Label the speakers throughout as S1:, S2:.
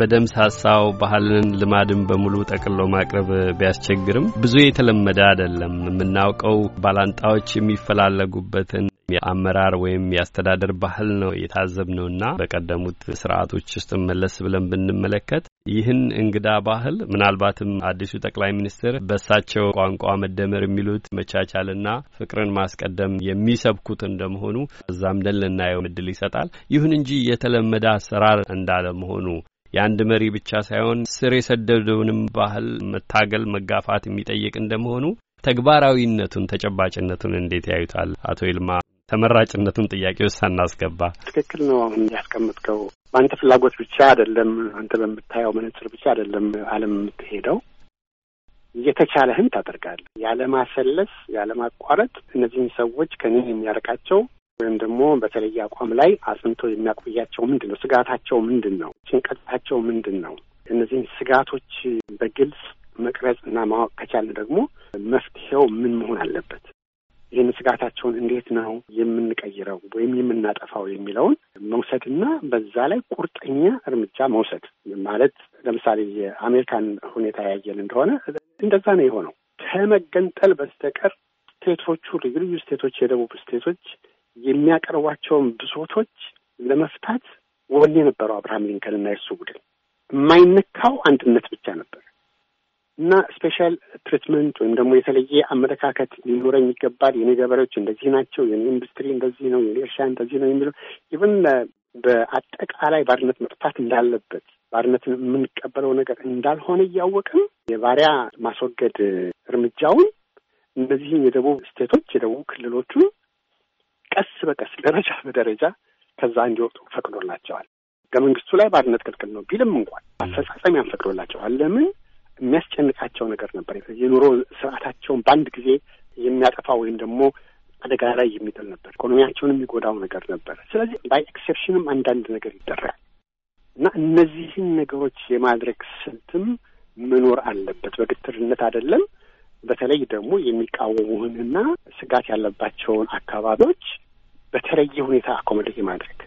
S1: በደም ሳሳው ባህልን ልማድን በሙሉ ጠቅሎ ማቅረብ ቢያስቸግርም ብዙ የተለመደ አይደለም። የምናውቀው ባላንጣዎች የሚፈላለጉበትን የአመራር ወይም የአስተዳደር ባህል ነው የታዘብ ነውና በቀደሙት ስርዓቶች ውስጥ መለስ ብለን ብንመለከት ይህን እንግዳ ባህል ምናልባትም አዲሱ ጠቅላይ ሚኒስትር በሳቸው ቋንቋ መደመር የሚሉት መቻቻልና ፍቅርን ማስቀደም የሚሰብኩት እንደመሆኑ እዛም ደን ልናየው ምድል ይሰጣል። ይሁን እንጂ የተለመደ አሰራር እንዳለመሆኑ የአንድ መሪ ብቻ ሳይሆን ስር የሰደደውንም ባህል መታገል መጋፋት የሚጠይቅ እንደመሆኑ ተግባራዊነቱን ተጨባጭነቱን እንዴት ያዩታል? አቶ ይልማ ተመራጭነቱን ጥያቄ ውስጥ ሳናስገባ።
S2: ትክክል ነው አሁን ያስቀምጥከው። በአንተ ፍላጎት ብቻ አይደለም፣ አንተ በምታየው መነጽር ብቻ አይደለም ዓለም የምትሄደው የተቻለህን ታደርጋለህ። ያለማሰለስ፣ ያለማቋረጥ እነዚህን ሰዎች ከኔ የሚያርቃቸው ወይም ደግሞ በተለየ አቋም ላይ አጽንቶ የሚያቆያቸው ምንድን ነው? ስጋታቸው ምንድን ነው? ጭንቀታቸው ምንድን ነው? እነዚህን ስጋቶች በግልጽ መቅረጽ እና ማወቅ ከቻለ ደግሞ መፍትሄው ምን መሆን አለበት፣ ይህን ስጋታቸውን እንዴት ነው የምንቀይረው ወይም የምናጠፋው የሚለውን መውሰድና በዛ ላይ ቁርጠኛ እርምጃ መውሰድ ማለት ለምሳሌ የአሜሪካን ሁኔታ ያየን እንደሆነ እንደዛ ነው የሆነው። ከመገንጠል በስተቀር ስቴቶቹ ልዩ ልዩ ስቴቶች የደቡብ ስቴቶች የሚያቀርቧቸውን ብሶቶች ለመፍታት ወኔ የነበረው አብርሃም ሊንከን እና የሱ ቡድን። የማይነካው አንድነት ብቻ ነበር እና ስፔሻል ትሪትመንት ወይም ደግሞ የተለየ አመለካከት ሊኖረኝ ይገባል። የኔ ገበሬዎች እንደዚህ ናቸው፣ የኔ ኢንዱስትሪ እንደዚህ ነው፣ የኔ እርሻ እንደዚህ ነው የሚለው ኢቨን በአጠቃላይ ባርነት መጥፋት እንዳለበት ባርነትን የምንቀበለው ነገር እንዳልሆነ እያወቅም የባሪያ ማስወገድ እርምጃውን እነዚህም የደቡብ ስቴቶች የደቡብ ክልሎቹን ቀስ በቀስ ደረጃ በደረጃ ከዛ እንዲወጡ ፈቅዶላቸዋል። ህገ መንግስቱ ላይ ባርነት ክልክል ነው ቢልም እንኳን አፈጻጸሚያን ፈቅዶላቸዋል። ለምን የሚያስጨንቃቸው ነገር ነበር። የኑሮ ስርዓታቸውን በአንድ ጊዜ የሚያጠፋ ወይም ደግሞ አደጋ ላይ የሚጥል ነበር። ኢኮኖሚያቸውን የሚጎዳው ነገር ነበር። ስለዚህ ባይ ኤክሴፕሽንም አንዳንድ ነገር ይደረጋል እና እነዚህን ነገሮች የማድረግ ስልትም መኖር አለበት። በግትርነት አይደለም። በተለይ ደግሞ የሚቃወሙህንና ስጋት ያለባቸውን አካባቢዎች በተለየ ሁኔታ አኮሞዴት ማድረግ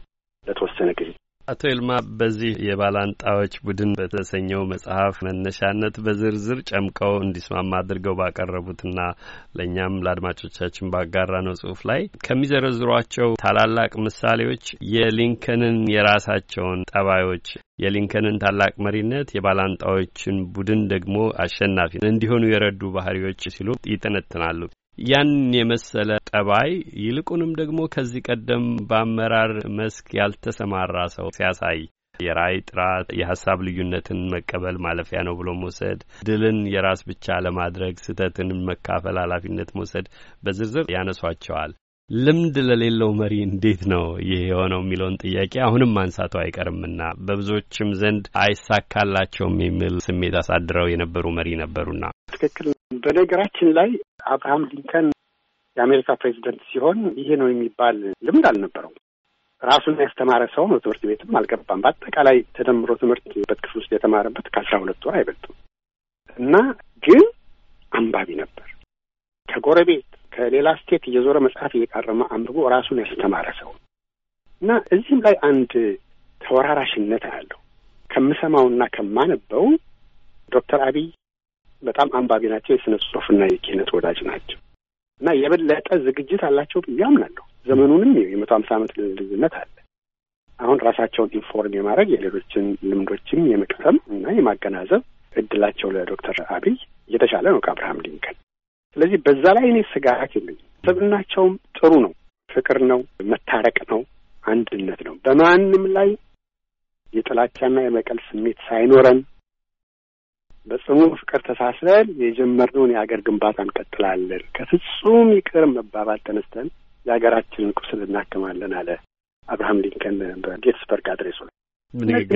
S2: ለተወሰነ ጊዜ
S1: አቶ ይልማ በዚህ የባላንጣዎች ቡድን በተሰኘው መጽሐፍ መነሻነት በዝርዝር ጨምቀው እንዲስማማ አድርገው ባቀረቡትና ለእኛም ለአድማጮቻችን ባጋራ ነው ጽሁፍ ላይ ከሚዘረዝሯቸው ታላላቅ ምሳሌዎች የሊንከንን የራሳቸውን ጠባዮች የሊንከንን ታላቅ መሪነት የባላንጣዎችን ቡድን ደግሞ አሸናፊ እንዲሆኑ የረዱ ባህሪዎች ሲሉ ይተነትናሉ። ያን የመሰለ ጠባይ ይልቁንም ደግሞ ከዚህ ቀደም በአመራር መስክ ያልተሰማራ ሰው ሲያሳይ የራይ ጥራት የሀሳብ ልዩነትን መቀበል ማለፊያ ነው ብሎ መውሰድ፣ ድልን የራስ ብቻ ለማድረግ ስህተትን መካፈል ኃላፊነት መውሰድ በዝርዝር ያነሷቸዋል። ልምድ ለሌለው መሪ እንዴት ነው ይህ የሆነው የሚለውን ጥያቄ አሁንም ማንሳቱ አይቀርምና በብዙዎችም ዘንድ አይሳካላቸውም የሚል ስሜት አሳድረው የነበሩ መሪ ነበሩና
S2: ትክክል። በነገራችን ላይ አብርሃም ሊንከን የአሜሪካ ፕሬዚደንት ሲሆን ይሄ ነው የሚባል ልምድ አልነበረው። ራሱን ያስተማረ ሰው ነው። ትምህርት ቤትም አልገባም። በአጠቃላይ ተደምሮ ትምህርት ክፍል ውስጥ የተማረበት ከአስራ ሁለት ወር አይበልጥም እና ግን አንባቢ ነበር። ከጎረቤት ከሌላ ስቴት እየዞረ መጽሐፍ እየቃረመ አንብቦ ራሱን ያስተማረ ሰው እና እዚህም ላይ አንድ ተወራራሽነት አያለሁ ከምሰማውና ከማነበው ዶክተር አብይ በጣም አንባቢ ናቸው። የስነ ጽሁፍና የኪነት ወዳጅ ናቸው እና የበለጠ ዝግጅት አላቸው ብዬ አምናለሁ። ዘመኑንም የመቶ ሀምሳ ዓመት ልዩነት አለ። አሁን ራሳቸውን ኢንፎርም የማድረግ የሌሎችን ልምዶችም የመቅሰም እና የማገናዘብ እድላቸው ለዶክተር አብይ እየተሻለ ነው ከአብርሃም ሊንከን። ስለዚህ በዛ ላይ እኔ ስጋት የለኝም። ስብዕናቸውም ጥሩ ነው። ፍቅር ነው፣ መታረቅ ነው፣ አንድነት ነው። በማንም ላይ የጥላቻና የበቀል ስሜት ሳይኖረን በጽኑ ፍቅር ተሳስረን የጀመርነውን የሀገር ግንባታ እንቀጥላለን። ከፍጹም ይቅር መባባል ተነስተን የሀገራችንን ቁስል እናክማለን አለ አብርሃም ሊንከን በጌትስበርግ አድሬሱ ላይ።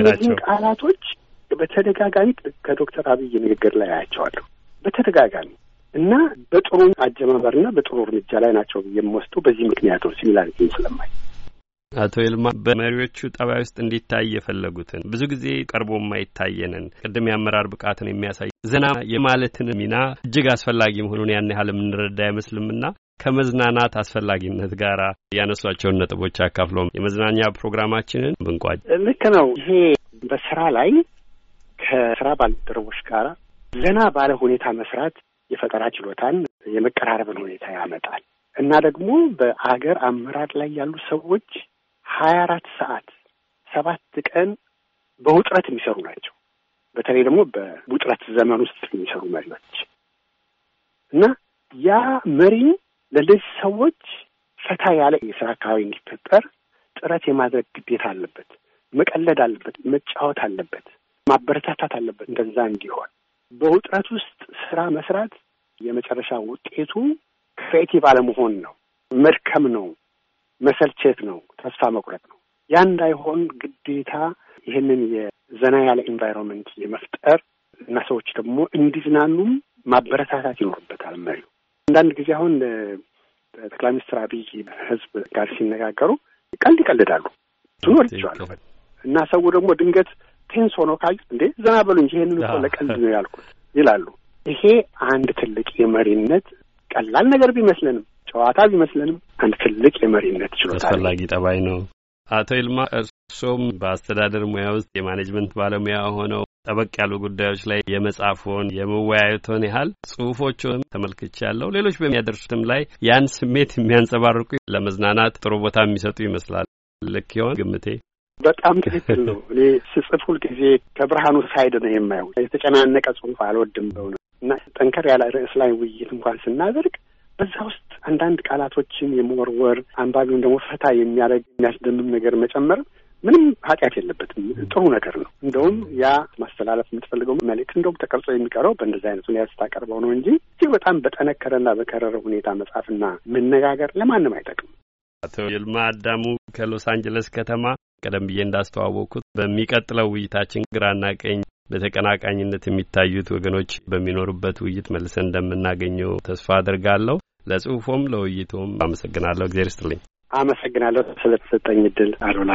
S2: እነዚህ ቃላቶች በተደጋጋሚ ከዶክተር አብይ ንግግር ላይ አያቸዋለሁ በተደጋጋሚ እና በጥሩ አጀማመርና በጥሩ እርምጃ ላይ ናቸው የምወስደው በዚህ ምክንያት ነው ሲሚላሪቲን ስለማይ
S1: አቶ ይልማ በመሪዎቹ ጠባይ ውስጥ እንዲታይ የፈለጉትን ብዙ ጊዜ ቀርቦ የማይታየንን ቅድም የአመራር ብቃትን የሚያሳይ ዘና የማለትን ሚና እጅግ አስፈላጊ መሆኑን ያን ያህል የምንረዳ አይመስልምና ከመዝናናት አስፈላጊነት ጋር ያነሷቸውን ነጥቦች አካፍሎም የመዝናኛ ፕሮግራማችንን ብንቋጭ
S2: ልክ ነው። ይሄ በስራ ላይ ከስራ ባልደረቦች ጋር ዘና ባለ ሁኔታ መስራት የፈጠራ ችሎታን የመቀራረብን ሁኔታ ያመጣል እና ደግሞ በአገር አመራር ላይ ያሉ ሰዎች ሀያ አራት ሰዓት ሰባት ቀን በውጥረት የሚሰሩ ናቸው። በተለይ ደግሞ በውጥረት ዘመን ውስጥ የሚሰሩ መሪዎች እና ያ መሪ ለእነዚህ ሰዎች ፈታ ያለ የስራ አካባቢ እንዲፈጠር ጥረት የማድረግ ግዴታ አለበት። መቀለድ አለበት፣ መጫወት አለበት፣ ማበረታታት አለበት። እንደዛ እንዲሆን በውጥረት ውስጥ ስራ መስራት የመጨረሻ ውጤቱ ክሬቲቭ አለመሆን ነው፣ መድከም ነው፣ መሰልቸት ነው፣ ተስፋ መቁረጥ ነው። ያ እንዳይሆን ግዴታ ይህንን የዘና ያለ ኢንቫይሮንመንት የመፍጠር እና ሰዎች ደግሞ እንዲዝናኑም ማበረታታት ይኖርበታል መሪው። አንዳንድ ጊዜ አሁን ጠቅላይ ሚኒስትር አብይ ህዝብ ጋር ሲነጋገሩ ቀልድ ይቀልዳሉ። እሱን እና ሰው ደግሞ ድንገት ቴንስ ሆኖ ካዩ እንዴ ዘና በሉ እንጂ ይህንን እኮ ለቀልድ ነው ያልኩት ይላሉ። ይሄ አንድ ትልቅ የመሪነት ቀላል ነገር ቢመስለንም ሰዋዕታ ቢመስለንም አንድ ትልቅ የመሪነት
S1: ችሎታ አስፈላጊ ጠባይ ነው። አቶ ይልማ እርሶም በአስተዳደር ሙያ ውስጥ የማኔጅመንት ባለሙያ ሆነው ጠበቅ ያሉ ጉዳዮች ላይ የመጻፎን የመወያየቶን ያህል ጽሁፎችንም ተመልክቻለሁ። ሌሎች በሚያደርሱትም ላይ ያን ስሜት የሚያንጸባርቁ ለመዝናናት ጥሩ ቦታ የሚሰጡ ይመስላል። ልክ ይሆን ግምቴ?
S2: በጣም ትክክል ነው። እኔ ስጽፍ ሁልጊዜ ከብርሃኑ ሳይድ ነው የማየው። የተጨናነቀ ጽሁፍ አልወድም በእውነት እና ጠንከር ያለ ርዕስ ላይ ውይይት እንኳን ስናደርግ በዛ ውስጥ አንዳንድ ቃላቶችን የመወርወር አንባቢውን ደግሞ ፈታ የሚያደርግ የሚያስደምም ነገር መጨመር ምንም ኃጢአት የለበትም። ጥሩ ነገር ነው። እንደውም ያ ማስተላለፍ የምትፈልገው መልእክት እንደውም ተቀርጾ የሚቀረው በእንደዚህ አይነት ሁኔታ ስታቀርበው ነው እንጂ እጅግ በጣም በጠነከረና በከረረ ሁኔታ መጻፍና መነጋገር ለማንም አይጠቅም።
S1: አቶ ይልማ አዳሙ ከሎስ አንጀለስ ከተማ ቀደም ብዬ እንዳስተዋወቅኩት በሚቀጥለው ውይይታችን ግራና ቀኝ በተቀናቃኝነት የሚታዩት ወገኖች በሚኖሩበት ውይይት መልሰን እንደምናገኘው ተስፋ አድርጋለሁ። ለጽሁፎም ለውይይቱም አመሰግናለሁ። እግዜር ይስጥልኝ።
S2: አመሰግናለሁ ስለተሰጠኝ እድል አሉላ።